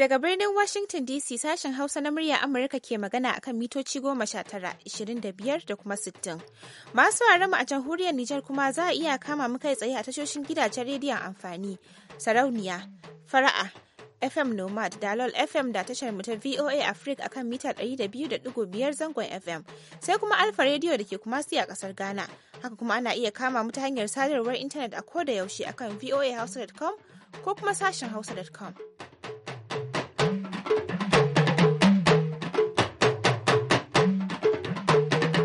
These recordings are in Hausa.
Daga birnin Washington DC sashen Hausa na murya Amurka ke magana akan mitoci goma sha tara, ishirin da biyar da kuma sittin. Masu mu a jamhuriyar Nijar kuma za a iya kama mu kai tsaye a tashoshin gidajen rediyon amfani, sarauniya, fara'a, FM Nomad, Dalol FM da tashar mu VOA Africa akan mita ɗari da da biyu biyar zangon FM, sai kuma Alfa rediyo da ke kuma a ƙasar Ghana. Haka kuma ana iya kama mu ta hanyar sadarwar intanet a ko da yaushe akan voahausa.com ko kuma sashen hausa.com.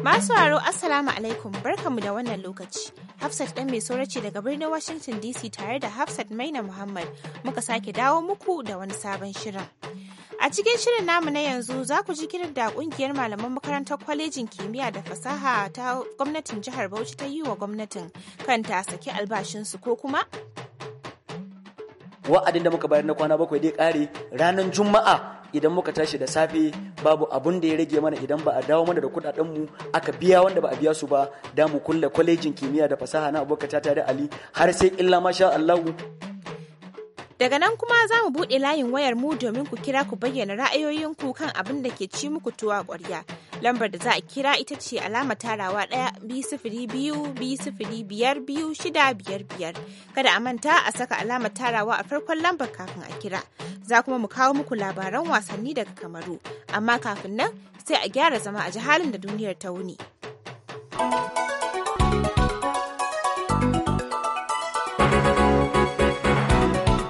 Masu haro Assalamu alaikum barkamu da wannan lokaci. Hafsat ɗan mai saurace daga birnin Washington DC tare da Hafsat Maina Muhammad muka sake dawo muku da wani sabon shirin. A cikin shirin namu na yanzu za ku ji kiran da ƙungiyar malaman makarantar kwalejin kimiyya da fasaha ta gwamnatin jihar Bauchi ta yi wa gwamnatin kanta saki albashinsu ko kuma wa'adin da muka bayar na kwana bakwai dai kare ranar juma'a idan muka tashi da safe babu abun da ya rage mana idan ba a dawo mana da kudaden mu aka biya wanda ba a biya su ba da mu kulle kwalejin kimiyya da fasaha na abokan ta da ali har sai illa masha Allahu Daga nan kuma za mu buɗe layin wayar mu domin ku kira ku bayyana ra'ayoyinku kan abin da ke ci muku tuwa ƙwarya. Lambar da za a kira ita ce alama tarawa ɗaya bi sifiri biyu biyu sifiri biyar biyu shida biyar biyar. Kada a manta a saka alama tarawa a farkon lambar kafin a kira. Za kuma mu kawo muku labaran wasanni daga Kamaru. Amma kafin nan sai a gyara zama a jihalin da duniyar ta wuni.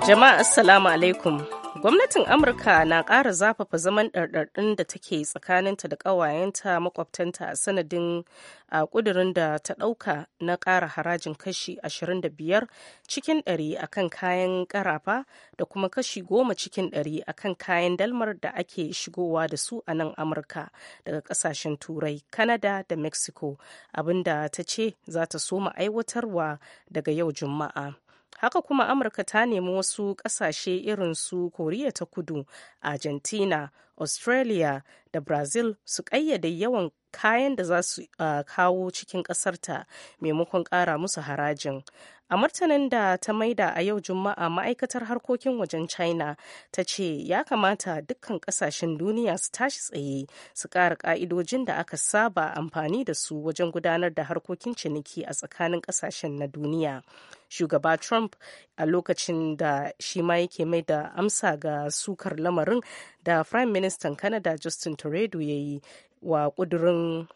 Jama'a Assalamu alaikum. Gwamnatin Amurka na ƙara zafafa zaman ɗarɗarɗin da take tsakaninta da ƙawayenta makwabtanta a sanadin a ƙudurin da ta ɗauka na ƙara harajin kashi 25 cikin 100 akan kayan ƙarafa da kuma kashi 10 cikin 100 akan kayan dalmar da ake shigowa da su a nan Amurka daga ƙasashen Turai, kanada da Mexico, abinda ta ce za ta soma aiwatarwa daga yau Juma'a. haka kuma amurka ta nemi wasu kasashe irin su koriya ta kudu argentina australia da brazil su kayyade yawan kayan da za su uh, kawo cikin kasarta maimakon kara musu harajin a martanin da ta maida a yau juma'a ma'aikatar harkokin wajen china ta ce ya kamata dukkan kasashen duniya su tashi tsaye su kara ka'idojin da aka saba amfani da su wajen gudanar da harkokin ciniki a tsakanin kasashen na duniya shugaba trump a lokacin da shi ma yake mai da amsa ga sukar lamarin da prime minister canada justin trudeau ya yi wa ƙudurin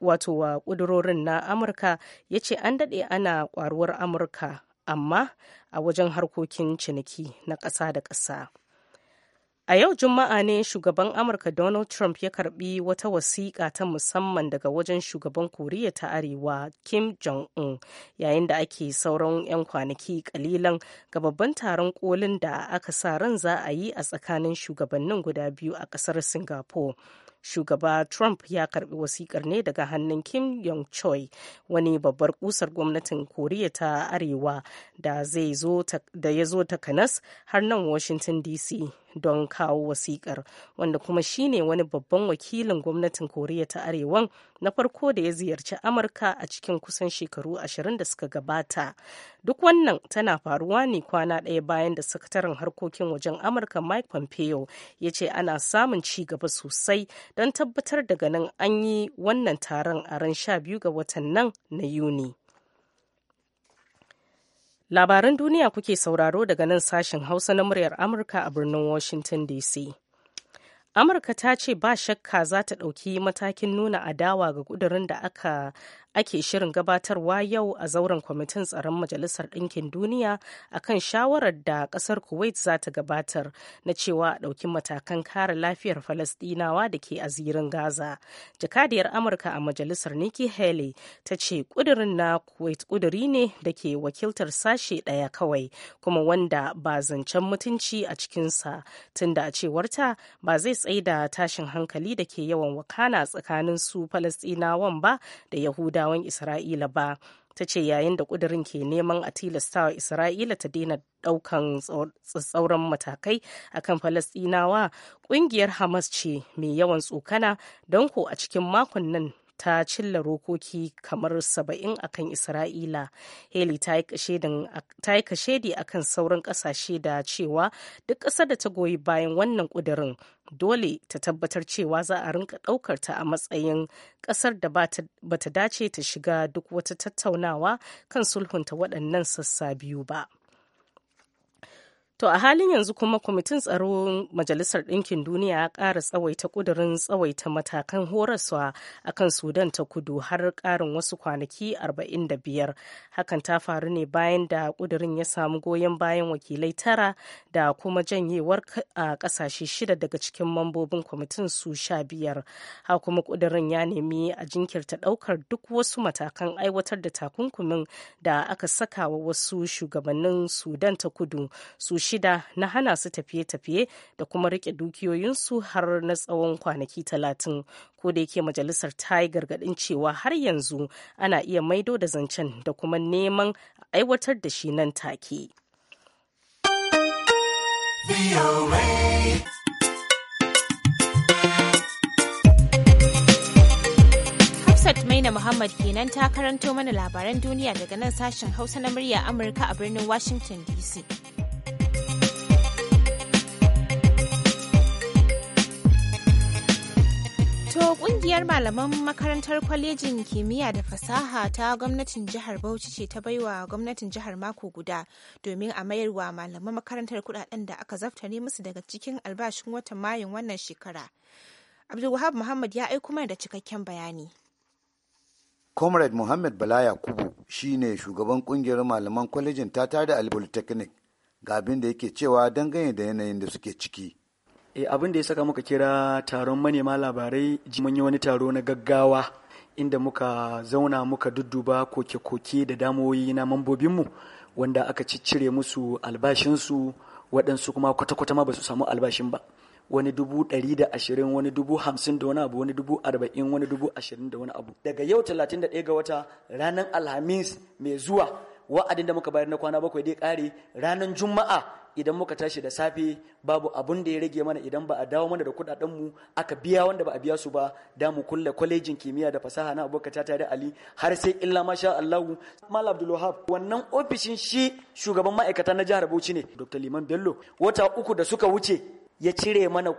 wato wa kudurorin na amurka ya ce an daɗe ana kwaruwar amurka amma a wajen harkokin ciniki na ƙasa da ƙasa a yau juma'a ne shugaban amurka donald trump ya karbi wata wasiƙa ta musamman daga wajen shugaban koriya ta arewa kim jong-un yayin da ake sauran 'yan kwanaki kalilan ga babban taron kolin da aka sa ran za a yi a tsakanin shugabannin guda biyu a ƙasar singapore shugaba trump ya karbi wasikar ne daga hannun kim yong choi wani babbar kusar gwamnatin koriya ta arewa da ya zo ta kanas har nan washington dc don kawo wasikar wanda kuma shine wani babban wakilin gwamnatin koriya ta arewan na farko da ya ziyarci amurka a cikin kusan shekaru ashirin da suka gabata duk wannan tana faruwa ne kwana ɗaya bayan da sakataren harkokin wajen amurka mike pompeo ya ce ana samun ci gaba sosai don tabbatar daga nan an yi wannan taron a ran sha biyu ga watan nan na yuni Labaran duniya kuke sauraro daga nan sashen Hausa na muryar Amurka a birnin Washington DC. Amurka ta ce ba shakka za ta ɗauki matakin nuna adawa ga kudurin da aka ake shirin gabatarwa yau a zauren kwamitin tsaron majalisar ɗinkin duniya a kan shawarar da ƙasar kuwait za ta gabatar na cewa a ɗauki matakan kare lafiyar falasɗinawa da ke azirin gaza jakadiyar amurka a majalisar nikki haley ta ce ƙudurin na kuwait ƙuduri ne da ke wakiltar sashe ɗaya kawai kuma wanda ba zancen mutunci a cikinsa tunda a cewarta ba zai tsaida tashin hankali da ke yawan wakana tsakanin su falasɗinawan ba da yahuda Yahudawan Isra'ila ba. ta ce yayin da kudirin ke neman a tilastawa isra'ila ta daina daukan tsauran matakai akan falasɗinawa ƙungiyar hamas ce mai yawan tsokana don ko a cikin makon nan ta cilla rokoki kamar saba'in akan isra'ila haley ta yi kashedi akan sauran kasashe da cewa duk ƙasar da ta goyi bayan wannan ƙudurin dole ta tabbatar cewa za a rinka ɗaukar ta a matsayin ƙasar da ba ta dace ta shiga duk wata tattaunawa kan sulhunta waɗannan sassa biyu ba. To a halin yanzu kuma kwamitin tsaro Majalisar Ɗinkin Duniya ya ƙara tsawaita ƙudurin tsawaita matakan horaswa a kan Sudan ta kudu har ƙarin wasu kwanaki 45. Hakan ta faru ne bayan da ƙudurin ya samu goyon bayan wakilai tara da kuma janyewar a ƙasashe shida daga cikin mambobin kwamitin su sha biyar. Ha kuma ƙudurin ya nemi a jinkirta ɗaukar duk wasu matakan aiwatar da takunkumin da aka saka wa wasu shugabannin Sudan ta kudu su shida na hana su tafiye-tafiye da kuma rike dukiyoyinsu har na tsawon kwanaki talatin ko da yake majalisar ta yi gargaɗin cewa har yanzu ana iya maido da zancen da kuma neman aiwatar da shi nan take. Hafsat Maina Muhammad kenan ta karanto mana labaran duniya daga nan sashen Hausa na murya Amurka a birnin Washington DC. To kungiyar malaman makarantar kwalejin kimiyya da fasaha ta gwamnatin jihar Bauchi ce ta baiwa gwamnatin jihar mako guda domin a mayarwa malaman makarantar kudaden da aka zaftare musu daga cikin albashin watan Mayun wannan shekara. Abdulwahab Muhammad ya aiko mana da cikakken bayani. Comrade Muhammad Bala Yakubu shine shugaban kungiyar malaman kwalejin ta tada Polytechnic ga abin da yake cewa dangane da yanayin da suke ciki. E, abin da ya saka muka kira taron manema labarai mun yi wani taro na gaggawa inda muka zauna muka dudduba koke-koke da damoyi na mambobinmu wanda aka ciccire musu albashinsu waɗansu kuma kwata-kwata ma ba su samu albashin ba wani dubu ɗari da ashirin wani dubu hamsin da wani abu wani dubu arba'in wani dubu ashirin da wani abu daga yau talatin da ɗaya ga wata ranar alhamis mai zuwa wa'adin da muka bayar na kwana bakwai dai ƙare ranar juma'a idan muka tashi da safe babu abun da ya rage mana idan ba a dawo mana da mu aka biya wanda ba a biya su ba da mu kulle kwalejin kimiyya da fasaha na abokan tata da ali har sai illa masha allahu mal wahab wannan ofishin shi shugaban ma'aikata na jihar bauchi ne dr liman bello wata uku da suka wuce ya cire mana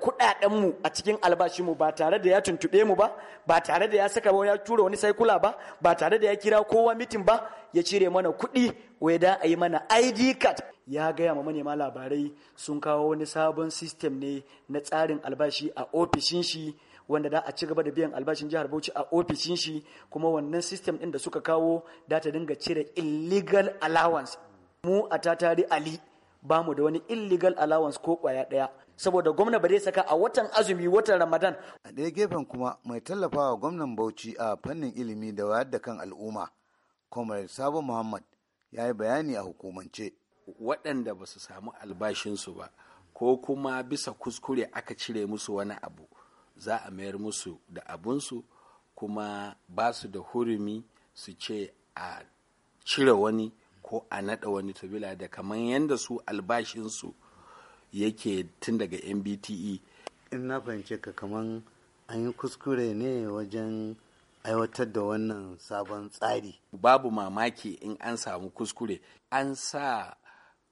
mu a cikin albashinmu ba tare da ya tuntuɓe mu ba ba tare da ya saka ba ya tura wani saikula ba ba tare da ya kira kowa mitin ba ya cire mana kuɗi wai da a yi mana id card ya gaya ma manema labarai sun kawo wani sabon sistem ne na tsarin albashi a ofishin shi wanda da a ci gaba da biyan albashin jihar Bauchi a ofishin shi kuma wannan system din da suka kawo da ta dinga cire illegal allowance mu a tatari ali ba mu da wani illegal allowance ko kwaya daya saboda gwamna ba zai saka a watan azumi watan ramadan a ɗaya gefen kuma mai tallafawa gwamnan bauchi a fannin ilimi da wayar da kan al'umma comrade sabo muhammad ya yi bayani a hukumance waɗanda ba su samu albashinsu ba ko kuma bisa kuskure aka cire musu wani abu za a mayar musu da abunsu kuma ba su da hurumi su ce a cire wani ko a naɗa wani tabila da kamar yadda su albashinsu yake tun daga mbte in na fahimce ka kamar an yi kuskure ne wajen aiwatar da wannan sabon tsari babu mamaki in an samu kuskure an sa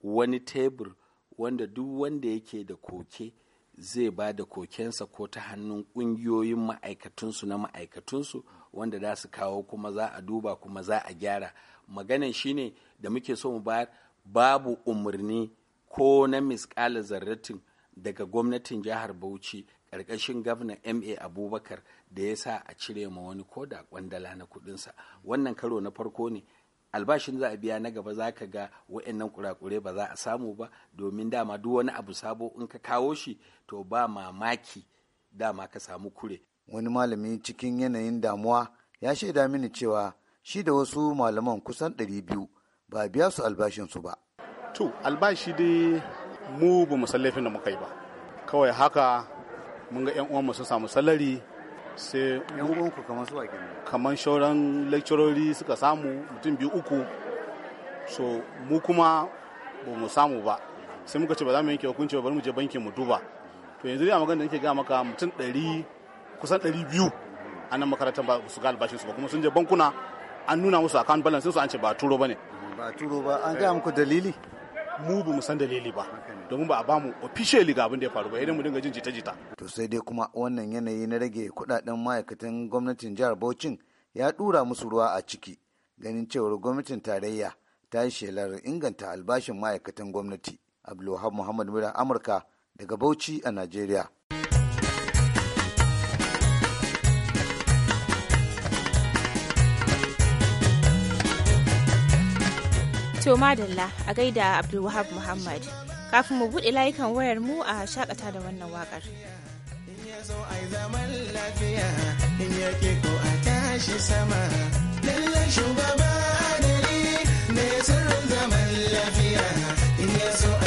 wani tebur wanda duk wanda yake da koke zai ba da kokensa ko ta hannun ƙungiyoyin ma'aikatunsu na ma'aikatunsu wanda za su kawo kuma za a duba kuma za a gyara maganan shine da muke so mu bayar babu umarni ko na miskala zarratin daga gwamnatin jihar bauchi ƙarƙashin gwamna ma abubakar da ya sa a cire ma wani koda kwandala na kuɗinsa wannan karo na farko ne albashin za a biya na gaba za ka ga wa'annan kurakure ba za a samu ba domin dama duk wani abu sabo in ka kawo shi to ba mamaki dama ka samu kure wani malami cikin yanayin damuwa ya shaida mini cewa shi da wasu malaman kusan 200 ba biya su albashin su ba to albashi dai mu ba mu san laifin da muka yi ba kawai haka mun ga 'yan mu sun samu salari sai yan kamar su kamar shauran lecturori suka samu mutum biyu uku so mu kuma ba mu samu ba sai muka ce ba za mu yanke hukunci ba bari mu je bankin mu duba to yanzu dai a magana da nake ga maka mutum ɗari kusan ɗari biyu a nan makarantar ba su ga albashin su ba kuma sun je bankuna an nuna musu account balance su an ce ba turo ba ne ba turo ba an gaya muku dalili mu ba mu san dalili ba domin ba a bamu officially ga abin da ya faru ba idan mu dinga jin jita-jita. To sai dai kuma wannan yanayi na rage kudaden ma'aikatan gwamnatin jihar Bauchin ya dura musu ruwa a ciki ganin cewar gwamnatin tarayya ta yi shelar inganta albashin ma'aikatan gwamnati. Abdulwahab Muhammad Mura Amurka daga Bauchi a Najeriya. To madalla a gaida Abdulwahab Muhammad. kafin mu buɗe layukan wayar mu a shakata da wannan waƙar. Lallai shugaba adali mai sirrin zaman lafiya in ya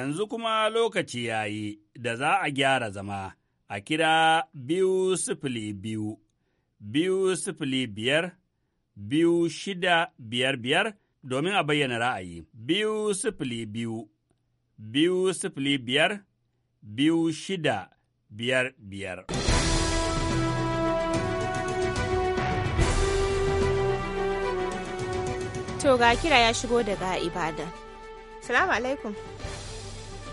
yanzu kuma lokaci ya yi da za a gyara zama a kira biyu sifili biyu, biyu sifili biyar, biyu shida biyar biyar domin a bayyana ra'ayi, biyu sifili biyu, biyu sifili biyar, biyu shida biyar biyar. To ga kira ya shigo daga Ibadan. Salamu alaikum.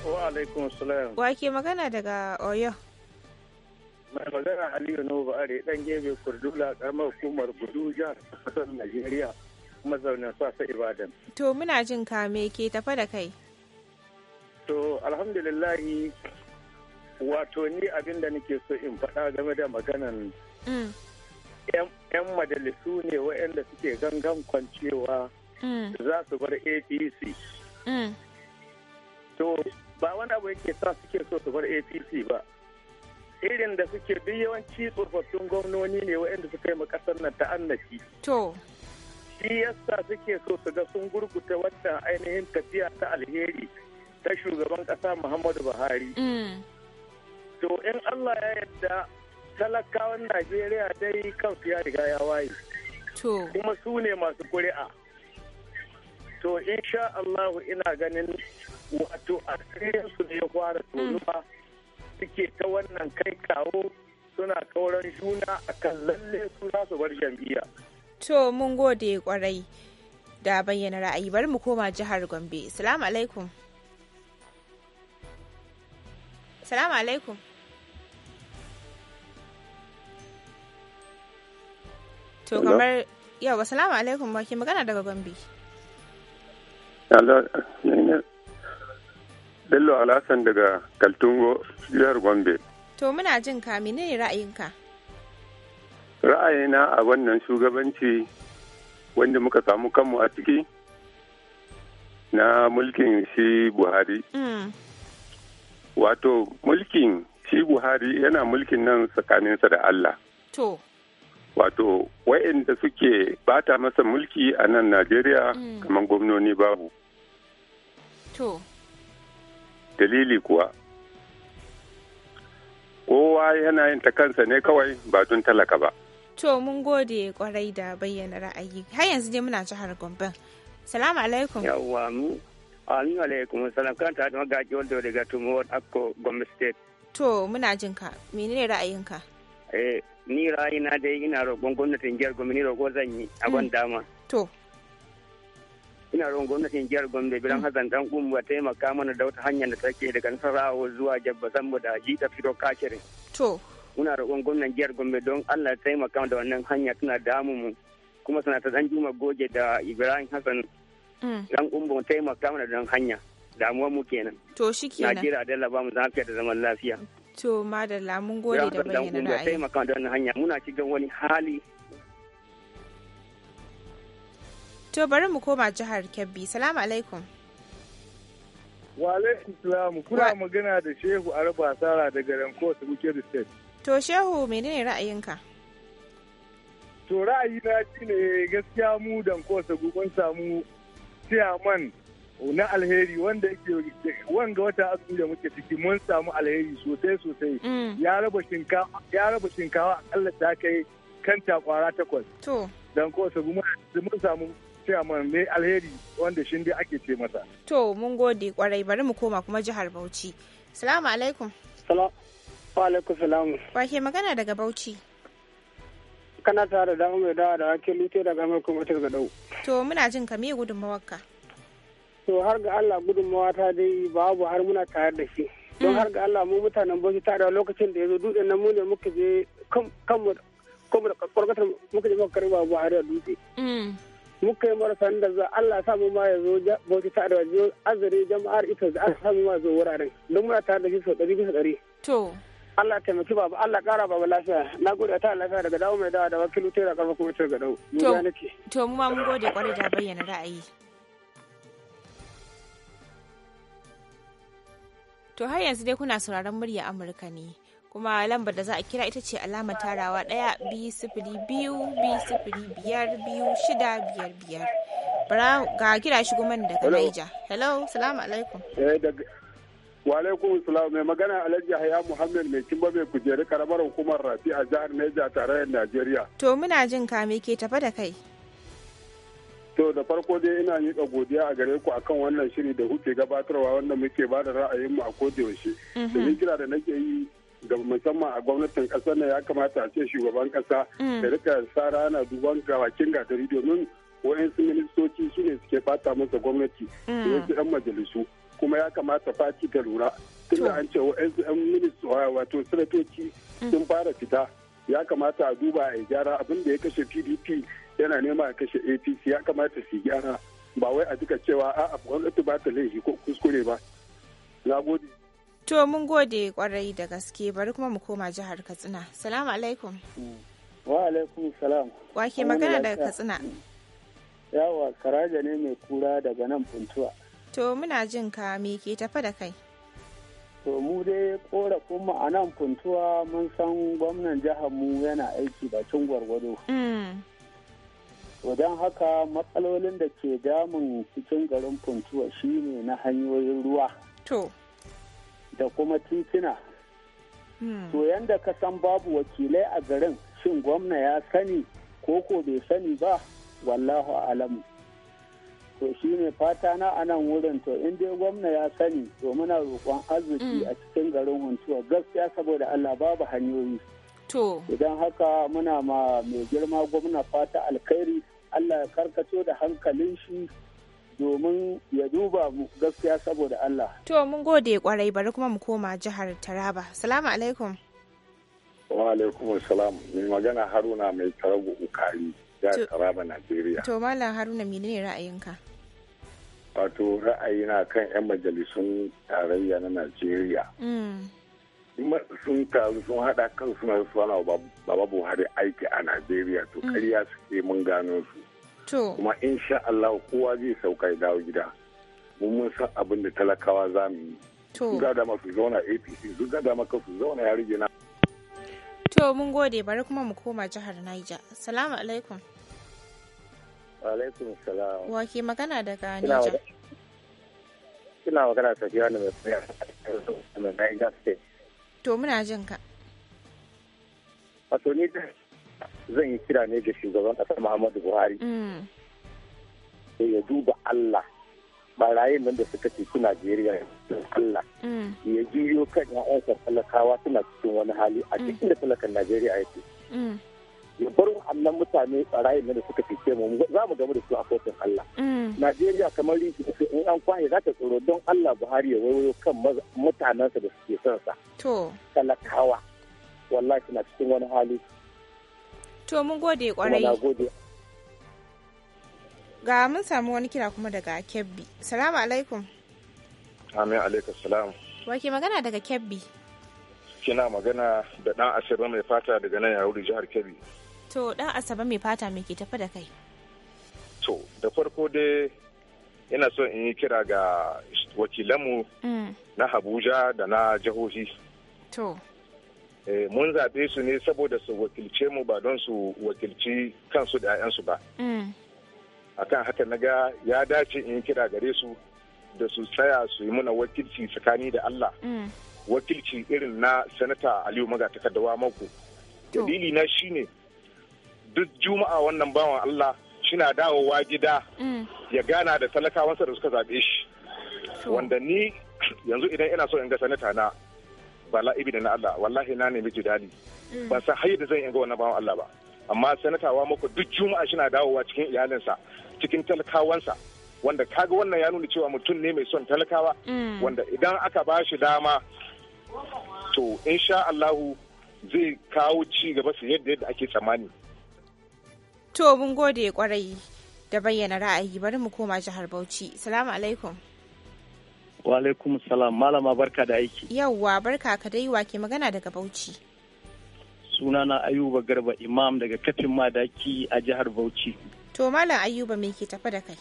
Wa alaikum salam. ke magana daga Oyo? Mai magana Aliyu Nuba Are ɗan gebe Kurdula karamar hukumar Gudu jihar kasar Najeriya mazaunin sasa Ibadan. To muna jin ka me ke tafa da kai? To alhamdulillahi wato ni abin da nake so in faɗa game da maganan mm. yan majalisu ne waɗanda suke gangan kwancewa mm. za su bar APC. Mm. to ba wani abu yake sa suke so su bar apc ba irin da suke duk yawanci tsofaffin gwamnoni ne waɗanda suka yi ma ƙasar nan ta'annaci to shi yasa suke so su ga sun gurguta wannan ainihin tafiya ta alheri ta shugaban ƙasa muhammadu buhari mm. to in allah ya yarda talakawan najeriya dai kansu ya riga ya waye kuma su ne masu kuri'a to insha allahu ina ganin wato a su ne ya fara tsoruwa suke ta wannan kai kawo suna kauran juna a kan lalle su za su bar jam'iyya. To mun gode kwarai da bayyana ra'ayi bari mu koma jihar Gombe. Salamu alaikum. Salamu alaikum. To kamar yau, wasu alaikum ba ke magana daga Gombe. Bello Alhassan daga Kaltungo, jihar Gombe. To muna jin ka menene ra'ayinka? Ra'ayina a wannan shugabanci wanda muka samu kanmu a ciki na mulkin shi Buhari. Mm. Wato mulkin shi Buhari yana mulkin nan tsakaninsa da Allah. To. Wato, wa'inda suke bata masa mulki a nan Najeriya mm. kamar gwamnoni babu. To. dalili kuwa kowa yana yin ta kansa ne kawai ba don talaka ba to mun gode kwarai da bayyana ra'ayi har yanzu dai muna jihar gombe salamu alaikum yawwa mu amin alaikum salam kan ta da magaji wanda daga tumo akko gombe state to muna jin ka menene ra'ayinka eh ni ra'ayina dai ina roƙon gwamnatin jihar gombe ni roƙo zan yi a ban hmm. dama to ina roƙon gwamnatin jihar Gombe bilan Hassan dan Umma taimaka mana da wata hanyar da take daga Nasarawa zuwa Jabba Zambo da Jita Fito Kashirin. To. Muna roƙon gwamnatin jihar Gombe don Allah ya taimaka da wannan hanya tana damu mu kuma sana ta Danjuma Goge da Ibrahim Hassan dan mm. Umma taimaka mana da hanya. Damuwar mu kenan. To shi kenan. Najeriya da Allah ba mu zafiya da zaman lafiya. To madalla mun gode da bayyana ra'ayi. Taimaka da wannan hanya muna cikin wani hali To bari mu koma jihar Kebbi. Salamu alaikum. Wa alaikum salam. Kuna magana da Shehu Arba Sara daga Ranko ta Bukeri State. To Shehu menene ra'ayinka? To ra'ayina shi ne gaskiya mu Danko ta mun samu ciyaman na alheri wanda yake wanga wata azumi da muke ciki mun samu alheri sosai sosai mm. ya raba shinkawa ya raba shinkawa akalla ta kai kanta kwara takwas. To. Danko ta mun samu ciyaman ne alheri wanda shi dai ake ce masa. To mun gode kwarai bari mu koma kuma jihar Bauchi. Salamu alaikum. Salamu alaikum salamu. Wa ke magana daga Bauchi? Kana tare da mai da da ake lute daga mai kuma ta dau. To muna jin ka me ka. To har ga Allah gudunmawa ta dai babu har muna tayar da shi. Don mm. har ga Allah mu mutanen Bauchi tare da lokacin da ya zo dutsen nan mu ne muka je kanmu kanmu da kwarkwatar muka je muka karba Buhari a dutse. Mm. muka yi marasa da za Allah samu ma ya zo bauti ta da zo azare jama'ar ita da Allah samu ma zo wuraren don muna tare da shi sau ɗari bisa ɗari. To. Allah taimaki baba Allah kara baba lafiya na gode ta lafiya daga dawo mai dawa da wakilu tera karfa kuma ta ga dawo. To to mu ma mun gode kwarai da bayyana ra'ayi. To har yanzu dai kuna sauraron murya Amurka ne. kuma lambar da za a kira ita ce alama tarawa ɗaya biyu sifili biyu biyu sifili biyar biyu shida biyar biyar ga kira shigo mana daga Naija hello salamu alaikum eh, wa alaikum salam mai magana alhaji haya muhammad mai kimba mai kujeri karamar hukumar rafi a jihar tare tarayyar najeriya to muna jin ka me ke tafa da kai to da farko dai ina miƙa godiya a gare ku akan wannan shiri da kuke gabatarwa wanda muke ba da ra'ayinmu a kodayaushe mhm. domin kira da nake yi ga musamman a gwamnatin kasar nan ya kamata a ce shugaban kasa da mm. rika sa rana duban bakin gatari domin wa'yansu ministoci su ne suke fata masa gwamnati da mm. wasu 'yan majalisu kuma ya kamata fati ta lura tunda an ce wa'yansu 'yan ministoci wato sanatoci mm. sun fara fita ya kamata a duba a gyara abin da ya kashe pdp yana nema a kashe apc ya kamata su gyara ba wai a duka cewa a'a gwamnati ba ta laifi ko kuskure ba na gode To mun gode kwarai da gaske bari kuma mu koma jihar Katsina. Salamu alaikum. Wa alaikum salam. Wa ke magana daga Katsina? Yawa karaja ne mai kura daga nan puntuwa. To muna jin ka me ke tafa da kai? To mu dai korafin mu a nan puntuwa mun san gwamnan jihar mu yana aiki bakin gwargwado. Wadan mm. haka matsalolin da ke damun cikin garin puntuwa shine na hanyoyin ruwa. To. da kuma titina hmm. to yadda ka san babu wakilai a garin shin gwamna ya sani ko ko bai sani ba wallahu alamu to shi ne fata na anan wurin to in dai gwamna ya sani to muna roƙon arziki hmm. a cikin garin huntuwa gaskiya saboda allah babu hanyoyi to idan haka muna ma mai girma gwamna fata alkhairi allah ya karkato da hankalin shi domin ya duba mu gaskiya saboda Allah. To mun gode kwarai bari kuma mu koma jihar Taraba. Salamu alaikum. Wa alaikum salam. Mai magana Haruna mai tarago ukari ya Taraba Najeriya. To Malam Haruna menene ra'ayinka? Wato na kan 'yan majalisun tarayya na Najeriya. Mm. sun taru sun haɗa kan suna suna baba Buhari aiki a Najeriya to mm. karya suke mun gano su. kuma in sha Allah kowa zai sauka ya dawo gida mun mun san abin da talakawa za mu yi sun gada masu zauna apc sun gada maka su zauna ya rige na to mun gode bari kuma mu koma jihar Niger salamu alaikum alaikum salam wa ke magana daga Niger kina magana tafiya ne mai tsaya a Niger state to muna jin ka wato ni zan yi kira ne ga shugaban ƙasar muhammadu buhari da mm. ya duba allah barayin nan da suka ceci najeriya allah mm. ya juyo kan 'ya'yansa talakawa suna cikin wani hali a cikin mm. da talakan najeriya ya ce. ya bar wa'annan mutane barayin nan da suka cece mu za mu gamu da su a kotun allah najeriya kamar riki in an kwaye za ta tsoro don allah buhari ya wayo kan mutanensa da suke son sa talakawa wallahi suna cikin wani hali To mun gode kwarai. Ga mun samu wani kira kuma daga Kebbi. Salamu alaikum. Amin alaikum salam. Wake magana daga Kebbi. Kina magana da ɗan asaba mai fata daga nan yawuri jihar Kebbi. To ɗan asaba mai fata mai ke tafi da kai? To da farko dai ina so in yi kira ga wakilanmu mm. na Habuja da na jihohi. To. Eh, mun zaɓe su ne saboda su wakilce mu ba don su wakilci kansu da 'ya'yansu ba mm. a kan haka na ga ya dace in kira gare su da su tsaya su yi muna wakilci tsakani da Allah mm. wakilci irin na sanata Aliyu Maga takardawa mako dalili na shi ne duk juma'a wannan bawan Allah shina dawowa gida mm. ya gana da talakawansa da suka zaɓe shi wanda ni yanzu idan ina so in ga sanata na ba la'ibi da na Allah wallahi na nemi jidali mm. ba san har da zan yi ga wani bawan Allah ba amma sanatawa muku duk juma'a shi na dawowa cikin sa cikin talakawansa wanda kaga wannan ya nuna cewa mutum ne mai son talakawa mm. wanda idan aka ba shi dama to insha Allahu zai kawo ci gaba su yadda yadda ake tsammani to mun gode kwarai da bayyana ra'ayi bari mu koma jihar Bauchi salamu alaikum Wa alaikum salam malama barka da aiki. Yawwa barka ka dai wa ke magana daga Bauchi. Sunana Ayuba Garba Imam daga kafin madaki a jihar Bauchi. To malam Ayuba me ke tafi da kai?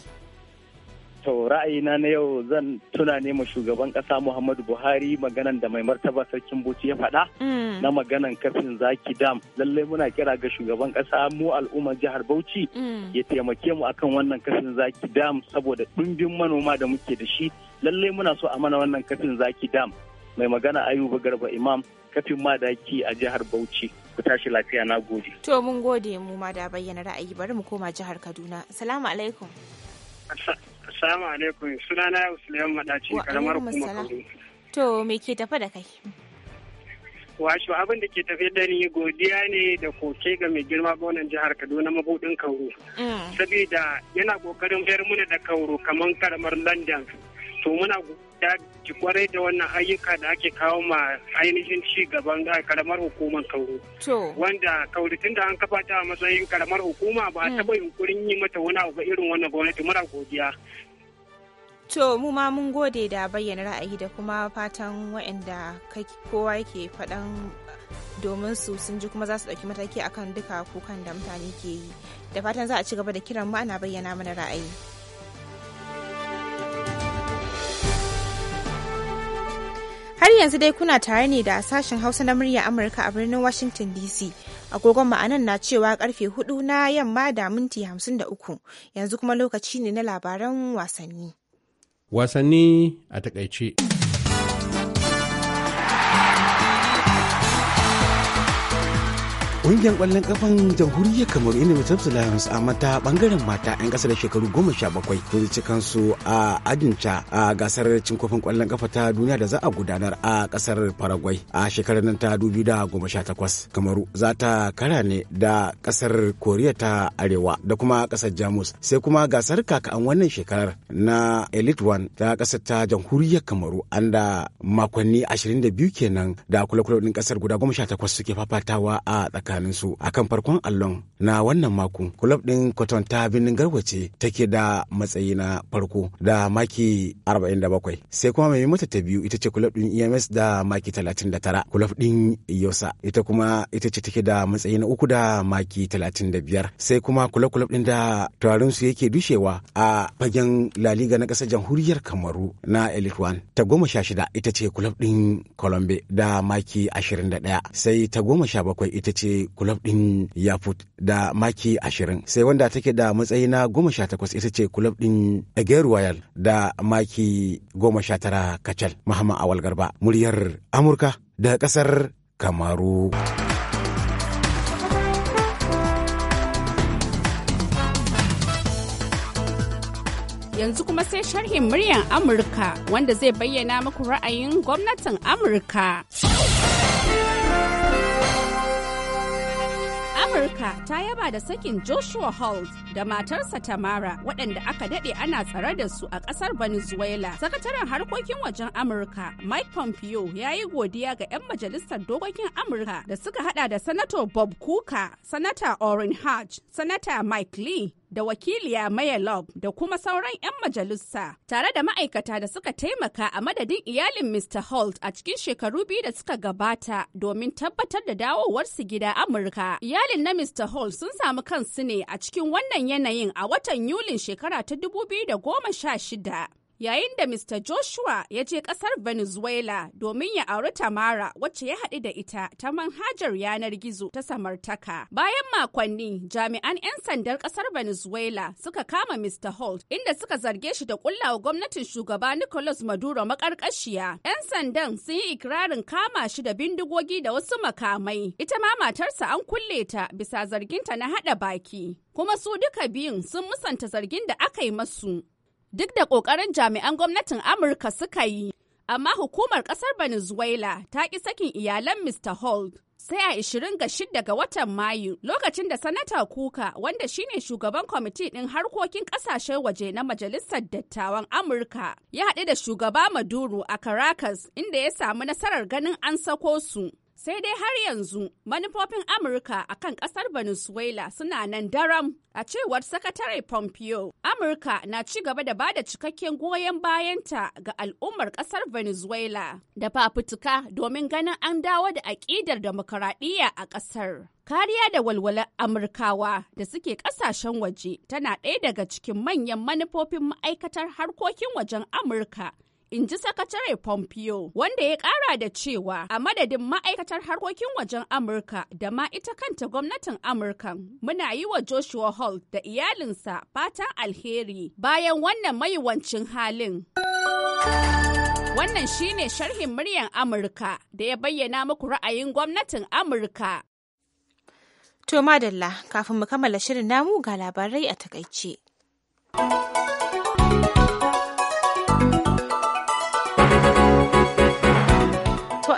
To ra'ayina na yau zan tuna ne ma shugaban kasa Muhammadu Buhari maganan da mai martaba sarkin Bauchi ya faɗa mm. na maganan kafin zaki dam. Lallai muna kira ga shugaban kasa mu al'umma jihar Bauchi mm. ya taimake mu akan wannan kafin zaki dam saboda ɗumbin manoma da muke da shi lallai muna so a mana wannan kafin zaki dam mai magana ayuba garba imam kafin madaki a jihar bauchi ku tashi lafiya na gode to mun gode mu ma da bayyana ra'ayi bari mu koma jihar kaduna assalamu alaikum assalamu alaikum sunana usman madaci karamar kuma to me ke tafa da kai washe abin da ke tafiye da ni godiya ne da koke ga mai girma gwamnan jihar kaduna mabudin kauro mm. saboda yana kokarin bayar muna da kauro kamar karamar london to muna ji kwarai da wannan ayyuka da ake kawo ma ainihin ci gaban karamar hukumar kauru wanda kauri da an kafa ta matsayin karamar hukuma ba a hmm. taɓa yunkurin yi mata wani abu irin wannan gwamnati muna godiya To mu ma mun gode da bayyana ra'ayi da kuma fatan waɗanda kowa yake faɗan domin su sun ji kuma za su ɗauki mataki akan duka kukan da mutane ke yi. Da fatan za a ci gaba da kiran mu ana bayyana mana ra'ayi. Har yanzu dai kuna tare ne da sashen Hausa na murya Amurka a birnin Washington DC. Agogon ma'anan na cewa karfe hudu na yamma da minti hamsin da uku. Yanzu kuma lokaci ne na labaran wasanni. Wasanni a takaice. kungiyar kwallon kafan jamhuriyar Kamaru Inda Mutabsu Lions a mata bangaren mata 'yan kasa da shekaru goma sha bakwai sun ci kansu a ajinca a gasar cin kofin kwallon kafa ta duniya da za a gudanar a kasar Paraguay a shekarar nan ta dubi da goma sha takwas. Kamaru za ta kara ne da kasar Koriya ta Arewa da kuma kasar Jamus sai kuma gasar kakan wannan shekarar na Elite One ta kasar ta jamhuriyar Kamaru an da makonni ashirin da biyu kenan da kula-kula din kasar guda goma sha takwas suke fafatawa a tsakanin tsakaninsu akan farkon allon na wannan mako kulob ɗin kwaton ta birnin garwace take da matsayi na farko da maki 47 sai kuma mai mata ta biyu ita ce kulob ɗin ems da maki 39 kulob ɗin yosa ita kuma ita ce take da matsayi na uku da maki 35 sai kuma kulob kulob ɗin da turarin su yake dushewa a fagen laliga na ƙasar jamhuriyar kamaru na elite one ta goma sha shida ita ce kulob ɗin colombe da maki 21 sai ta goma sha bakwai ita ce kulab ɗin Yaput da maki ashirin. Sai wanda take da matsayi na goma sha takwas ita ce kulab ɗin Eger Royal da maki goma sha tara kacal. mahama Awal Garba, muryar Amurka da ƙasar Kamaru. yanzu kuma sai sharhin muryar Amurka wanda zai bayyana muku ra'ayin gwamnatin Amurka. Amurka ta yaba da sakin Joshua Holt da matarsa Tamara waɗanda aka daɗe ana tsare da su a ƙasar Venezuela. Sakataren harkokin wajen Amurka Mike Pompeo ya yi godiya ga 'yan majalisar dokokin Amurka da suka hada da Sanato Bob Cooker, Sanata Orrin Hatch, Sanata Mike Lee, da wakiliya Maya Love da kuma sauran 'yan majalisa tare da ma'aikata da suka taimaka a madadin iyalin Mr. Holt a cikin shekaru biyu da suka gabata domin tabbatar da dawowarsu gida Amurka. Iyalin na Mr. Holt sun samu kansu ne a cikin wannan yanayin a watan Yulin shekara ta 2016. Yayin da Mr. Joshua ya je ƙasar Venezuela domin ya auri Tamara wacce ya haɗu da ita ta manhajar yanar gizo ta samartaka. Bayan makonni, jami'an 'yan sandar ƙasar Venezuela suka kama Mr. Holt inda suka zarge shi da wa gwamnatin shugaba Nicolas Maduro maƙarƙashiya. 'Yan sandan sun yi ikirarin kama shi da bindigogi da wasu makamai. Ita ma matarsa an kulle ta bisa zarginta na haɗa baki. Kuma su duka biyun sun musanta zargin da aka yi masu. duk da ƙoƙarin jami'an gwamnatin Amurka suka yi. Amma hukumar ƙasar Venezuela ta ƙi sakin iyalan Mr. Holt sai a 26 ga watan Mayu lokacin da Sanata Kuka wanda shine shugaban kwamiti ɗin harkokin ƙasashen waje na Majalisar Dattawan Amurka ya haɗu da shugaba Maduro a Caracas inda ya samu nasarar ganin an sako su. sai dai har yanzu manufofin amurka a kan kasar venezuela suna nan daram a cewar sakatare pompeo amurka na ci gaba da bada cikakken goyon bayanta ga al'ummar kasar venezuela da fafutuka domin ganin an dawo da aƙidar demokaradiyya a kasar kariya da walwalar amurkawa da suke ƙasashen waje tana ɗaya daga cikin manyan manufofin ma'aikatar harkokin wajen amurka in ji sakatare Pompeo, wanda ya kara da cewa a madadin ma'aikatar harkokin wajen Amurka da ma ita kanta gwamnatin Amurka, muna yi wa Joshua Holt da iyalinsa fatan alheri bayan wannan mayuwancin halin. Wannan shine sharhin muryan Amurka da ya bayyana muku ra'ayin gwamnatin Amurka. To madalla kafin mu kammala shirin namu ga labarai a takaice.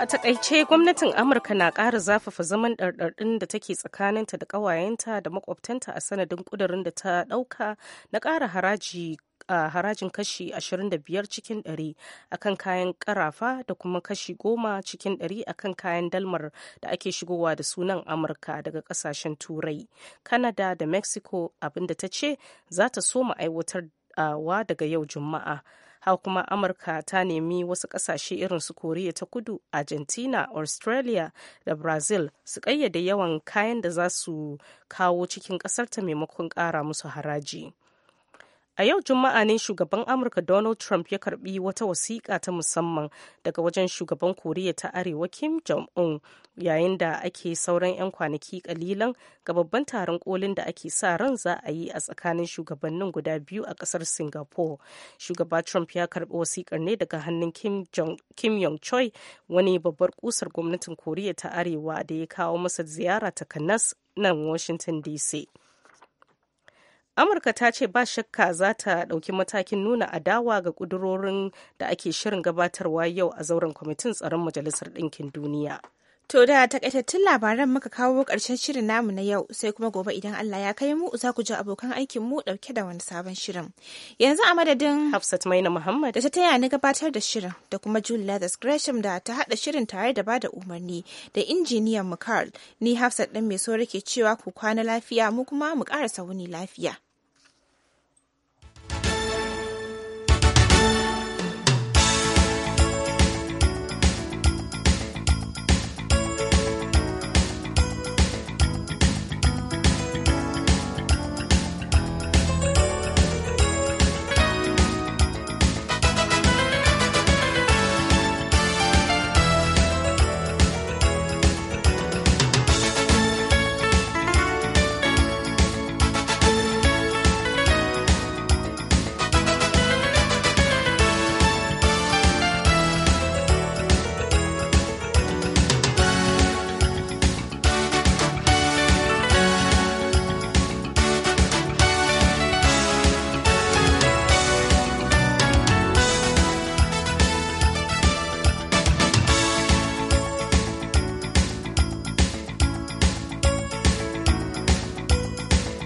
a takaice gwamnatin Amurka na ƙara zafafa zaman ɗarɗarɗin da take tsakaninta da ƙawayenta da makwabtanta a sanadin ƙudurin da ta ɗauka na ƙara haraji a harajin kashi 25 cikin 100 akan kayan karafa da kuma kashi 10 cikin 100 akan kayan dalmar da ake shigowa da sunan amurka daga kasashen turai kanada da mexico abinda ta ce za ta soma aiwatarwa daga yau juma'a har kuma amurka ta nemi wasu kasashe irin su koriya ta kudu argentina australia da brazil su kayyade yawan kayan da za su kawo cikin kasarta maimakon kara musu haraji A yau Juma'a ne shugaban Amurka Donald Trump ya karbi wata wasiƙa ta musamman daga wajen shugaban Koriya ta Arewa Kim Jong-un yayin da ake sauran 'yan kwanaki kalilan ga babban taron kolin da ake sa ran za a yi a tsakanin shugabannin guda biyu a ƙasar Singapore. Shugaba Trump ya karbi wasiƙar ne daga hannun Kim, Jong Choi wani babbar kusar gwamnatin Koriya ta Arewa da ya kawo masa ziyara ta Kanas nan Washington DC. amurka ta ce ba shakka za ta ɗauki matakin nuna adawa ga ƙudurorin da ake shirin gabatarwa yau a zauren kwamitin tsaron majalisar ɗinkin duniya To da takaitattun labaran muka kawo ƙarshen shirin namu na yau sai kuma gobe idan Allah ya kai mu za ku ji abokan aikin mu ɗauke da wani sabon shirin. Yanzu a madadin Hafsat Maina Muhammad da ta taya ni gabatar da shirin da kuma Julie da Gresham da ta haɗa shirin tare da bada umarni da injiniyan mu Carl ni Hafsat ɗan mai so rike cewa ku kwana lafiya mu kuma mu ƙara sauni lafiya.